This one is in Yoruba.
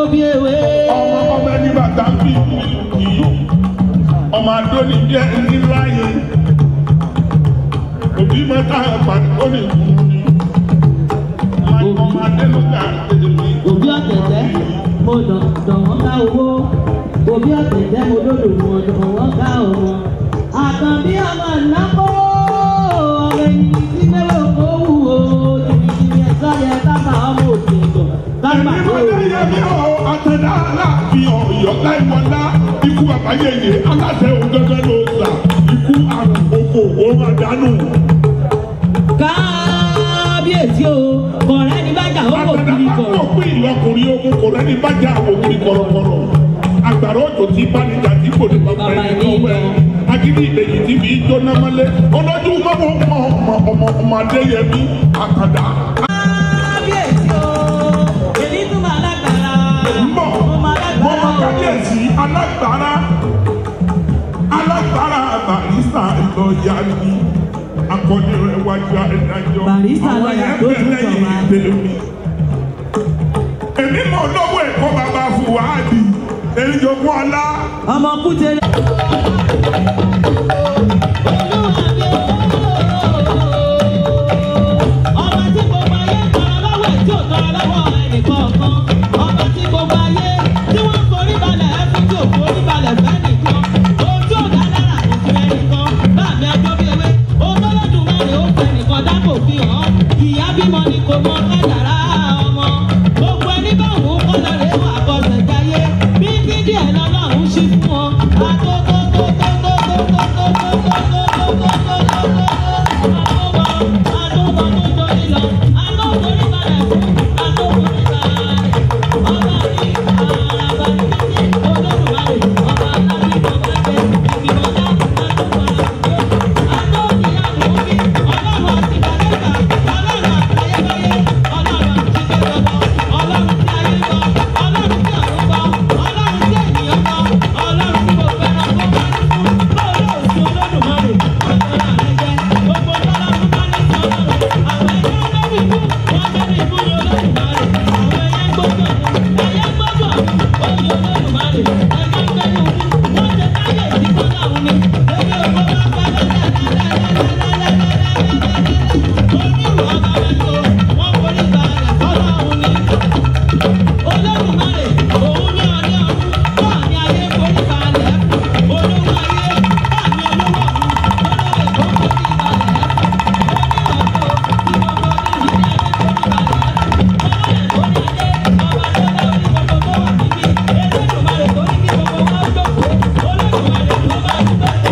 Obi bí ewé. ọmọ ọmọ ẹni bàtà bí ìlú ọmọ adó ni jẹ níláyé òbí mẹ́ta pàtó ni ọmọ adé ló dà òbí ọ̀tẹ̀tẹ̀ mo dọ̀wọ́ ká owó òbí ọ̀tẹ̀tẹ̀ mo lòdò mo dọ̀wọ́ ká ọmọ àkànbí ọmọ ìnákọ́wọ́. ayẹyẹ aláṣẹ ògẹgẹ ló sà ikú àrùn gbogbo òun àdánù. kábíyèsí o kọ̀ọ̀rẹ́ ní bájà ó kò kiri kọ̀rọ̀. àtàlà pàtó pé ìlọkùnrin ogun kọ̀ọ̀rẹ́ ní bájà ó kiri kọ̀rọ̀kọ̀rọ̀ àgbàrá òjò tí bánijà tí kò ní bàbá ẹni ọwẹ́ agídí ìdèyí tí fi jóná mọ́lẹ̀ ọlọ́dún mọ́mọ́ ọmọ ọmọ ọmọ adéyẹmí àtàdá. kábíyèsí o èyí tún máa lágbára. mọ̀ mọ̀ kábíyèsí alágbára barista lọ́ọ̀yà ni akọni rẹ̀ wájú adájọ́ àwọn yẹn bẹ̀ lẹ́yìn tèmi. èmi mọ̀ lọ́wọ́ ẹ̀kọ́ bàbá Fúwádìí èyí jogún ọlá. ọmọ kújẹ. Ọba tí gbogbo ayé kan lọ́wọ́ ìjọba lọ́wọ́. kò fi hàn ìyá bímọ ni kò mọ kádàrá. Bye.